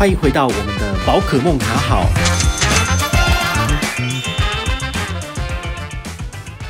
歡迎回到我們的寶可孟卡好。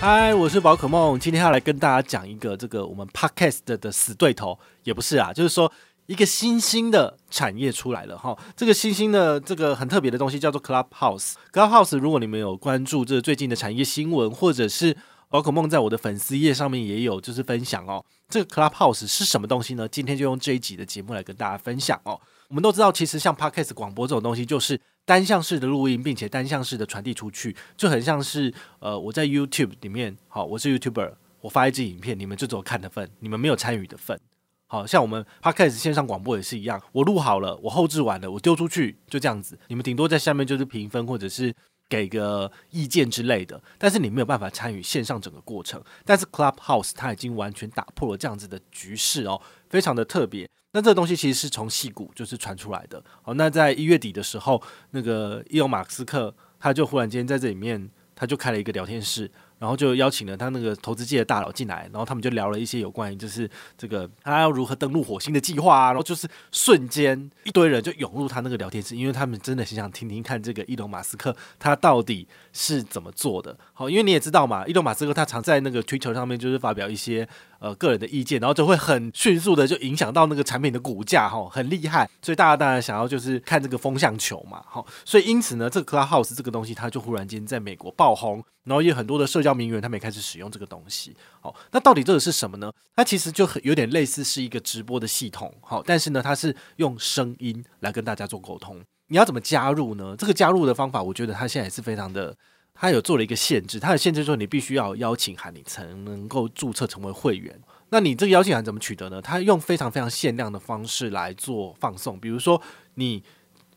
嗨，我是寶可孟，今天要來跟大家講一個這個我們 Podcast 的，的死對頭，也不是啊，就是說一個新興的產業出來了哈、哦。這個新興的這個很特別的東西叫做 Clubhouse。Clubhouse 如果你們有關注這個最近的產業新聞，或者是寶可孟在我的粉絲頁上面也有就是分享哦。這個 Clubhouse 是什麼東西呢？今天就用這一集的節目來跟大家分享哦。我們都知道，其實像 podcast 廣播這種東西，就是單向式的錄音，並且單向式的傳遞出去，就很像是呃，我在 YouTube 裡面，好，我是 YouTuber，我發一支影片，你們就只有看的份，你們沒有參與的份。好像我們 podcast 線上廣播也是一樣，我錄好了，我後製完了，我丟出去，就這樣子，你們頂多在下面就是評分或者是。給個意見之類的，但是你沒有辦法參與線上整個過程。但是 Clubhouse 它已經完全打破了這樣子的局勢哦，非常的特別。那這個東西其實是從矽谷就是傳出來的。哦，那在一月底的時候，那個伊隆馬斯克他就忽然間在這裡面，他就開了一個聊天室。然後就邀請了他那個投資界的大佬進來，然後他們就聊了一些有關於就是這個他要如何登陸火星的計劃啊，然後就是瞬間一堆人就湧入他那個聊天室，因為他們真的很想聽聽看這個伊隆馬斯克他到底是怎麼做的。好，因為你也知道嘛，伊隆馬斯克他常在那個推特上面就是發表一些呃個人的意見，然後就會很迅速的就影響到那個產品的股價哈，很厲害，所以大家當然想要就是看這個風向球嘛，好、哦，所以因此呢，這個 Clubhouse 這個東西，他就忽然間在美國爆紅，然後有很多的社交。名媛他們也開始使用這個東西。好，那到底這個是什麼呢？它其實就有點類似是一個直播的系統。好，但是呢，它是用聲音來跟大家做溝通。你要怎麼加入呢？這個加入的方法，我覺得它現在是非常的。它有做了一個限制，它的限制就是你必須要邀請函你才能夠注冊成為會員。那你這個邀請函怎麼取得呢？它用非常非常限量的方式來做放送。比如說，你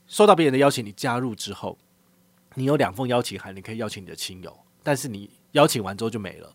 收到別人的邀請，你加入之後，你有兩封邀請函，你可以邀請你的親友，但是你。邀請完之後就沒了，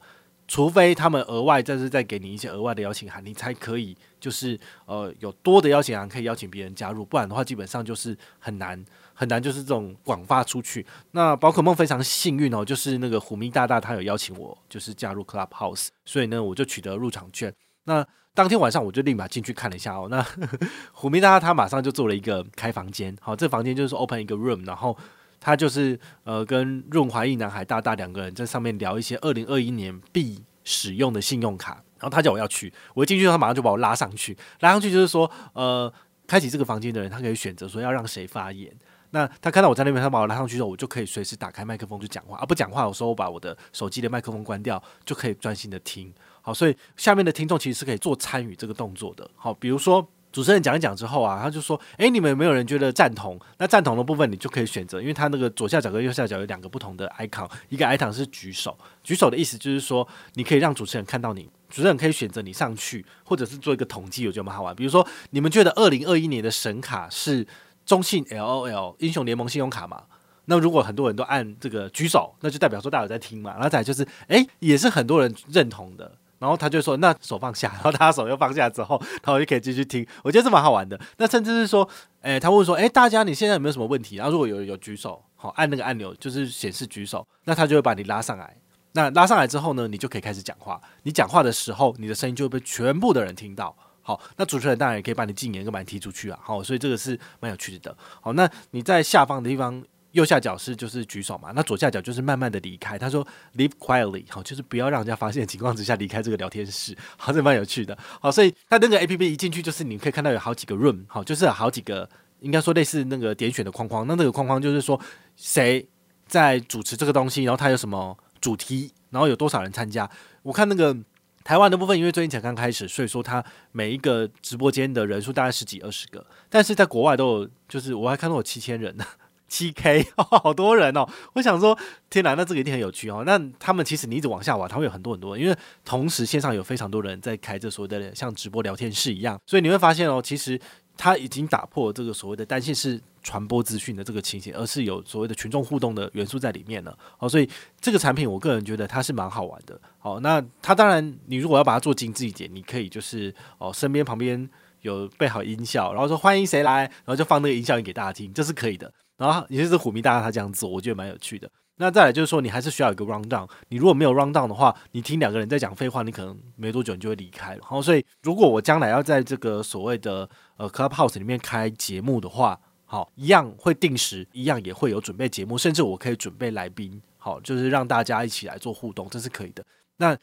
除非他們額外再是再給你一些額外的邀請函，你才可以就是呃有多的邀請函可以邀請別人加入，不然的話基本上就是很難很難，就是這種廣發出去。那寶可孟非常幸運哦，就是那個虎迷大大他有邀請我，就是加入 Clubhouse，所以呢我就取得入場券。那當天晚上我就立馬進去看了一下哦，那 虎迷大大他馬上就做了一個開房間，好、哦，這房間就是 open 一個 room，然後。他就是呃，跟潤滑液男孩大大兩個人在上面聊一些二零二一年必使用的信用卡。然後他叫我要去，我一進去，他馬上就把我拉上去。拉上去就是說，呃，開啟這個房間的人，他可以選擇說要讓誰發言。那他看到我在那邊，他把我拉上去之後，我就可以隨時打開麥克風去講話。而、啊、不講話，我說我把我的手機的麥克風關掉，就可以專心的聽。好，所以下面的聽眾其實是可以做參與這個動作的。好，比如說。主持人講一講之後啊，他就說：“誒、欸，你們有沒有人覺得贊同？那贊同的部分，你就可以選擇，因為他那個左下角跟右下角有兩個不同的 icon，一個 icon 是舉手，舉手的意思就是說你可以讓主持人看到你，主持人可以選擇你上去，或者是做一個統計，我覺得蠻好玩。比如說，你們覺得二零二一年的神卡是中信 LOL 英雄聯盟信用卡嗎？那如果很多人都按這個舉手，那就代表說大家有在聽嘛。然後再就是，誒、欸，也是很多人認同的。”然後他就說：“那手放下。”然後他手又放下之後，然後我就可以繼續聽。我覺得這蠻好玩的。那甚至是說，誒，他會說：“誒，大家你現在有沒有什麼問題？”然後如果有有舉手，好按那個按鈕，就是顯示舉手，那他就會把你拉上來。那拉上來之後呢，你就可以開始講話。你講話的時候，你的聲音就會被全部的人聽到。好，那主持人當然也可以把你禁言，跟把你踢出去啊。好，所以這個是蠻有趣的。好，那你在下方的地方。右下角是就是舉手嘛，那左下角就是慢慢的離開。他說 “leave quietly”，好，就是不要讓人家發現情況之下離開這個聊天室。好，這蠻有趣的。好，所以他那個 A P P 一進去就是你可以看到有好幾個 room，好，就是有好幾個應該說類似那個點選的框框。那那個框框就是說誰在主持這個東西，然後他有什麼主題，然後有多少人參加。我看那個台灣的部分，因為最近才剛開始，所以說他每一個直播間的人數大概十幾二十個，但是在國外都有，就是我還看到有七千人呢！七 k，哦，好多人哦！我想說，天哪，那這個一定很有趣哦那他們其實你一直往下玩，他會有很多很多人，因為同時線上有非常多人在開着所謂的像直播聊天室一樣，所以你會發現哦，其實他已經打破這個所謂的單線式傳播資訊的這個情形，而是有所謂的群眾互動的元素在裡面了哦。所以這個產品，我個人覺得它是蠻好玩的哦。那它當然，你如果要把它做精緻一點，你可以就是哦，身邊旁邊。有備好音效，然後說歡迎誰來，然後就放那個音效音給大家聽，這是可以的。然後也就是虎迷大他這樣做，我覺得蠻有趣的。那再來就是說，你還是需要一個 round down。你如果沒有 round down 的話，你聽兩個人在講廢話，你可能沒多久你就會離開。然後，所以如果我將來要在這個所謂的呃 Clubhouse 裡面開節目的話，好，一樣會定時，一樣也會有準備節目，甚至我可以準備來賓，好，就是讓大家一起來做互動，這是可以的。那。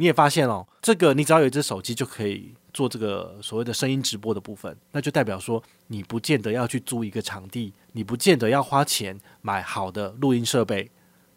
你也發現哦，這個你只要有一隻手機就可以做這個所謂的聲音直播的部分，那就代表說你不見得要去租一個場地，你不見得要花錢買好的錄音設備，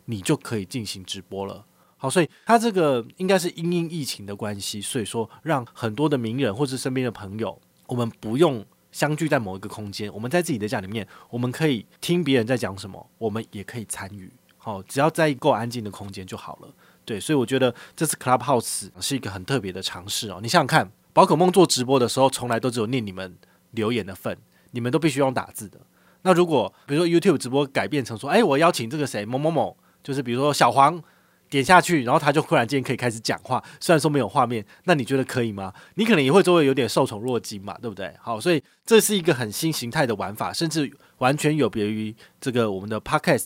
你就可以進行直播了。好，所以它這個應該是因應疫情的關係，所以說讓很多的名人或是身邊的朋友，我們不用相聚在某一個空間，我們在自己的家裡面，我們可以聽別人在講什麼，我們也可以參與。好，只要在夠安靜的空間就好了。對，所以我覺得這次 Clubhouse 是一個很特別的嘗試哦。你想想看，寶可孟做直播的時候，從來都只有念你們留言的份，你們都必須用打字的。那如果比如說 YouTube 直播改變成說，哎，我邀請這個誰某某某，就是比如說小黃點下去，然後他就忽然間可以開始講話，雖然說沒有畫面，那你覺得可以嗎？你可能也會周圍有點受寵若驚嘛，對不對？好，所以這是一個很新形態的玩法，甚至完全有別於這個我們的 Podcast。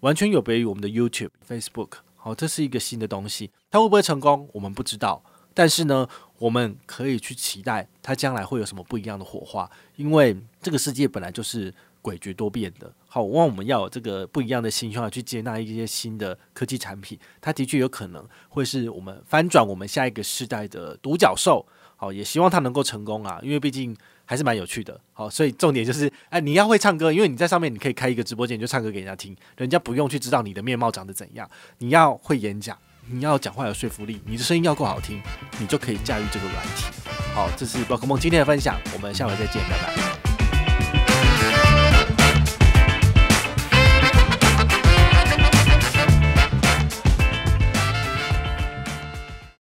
完全有別於我們的 YouTube、Facebook，好，這是一個新的東西，它會不會成功，我們不知道。但是呢，我們可以去期待它將來會有什麼不一樣的火花，因為這個世界本來就是詭譎多變的。好，我望我們要有這個不一樣的心胸去接納一些新的科技產品，它的確有可能會是我們翻轉我們下一個世代的獨角獸。好，也希望它能夠成功啊，因為畢竟。還是蠻有趣的，好，所以重點就是，哎，你要會唱歌，因為你在上面你可以開一個直播間，你就唱歌給人家聽，人家不用去知道你的面貌長得怎樣，你要會演講，你要講話有說服力，你的聲音要夠好聽，你就可以駕馭這個軟體。好，這是寶可孟今天的分享，我們下回再見，拜拜。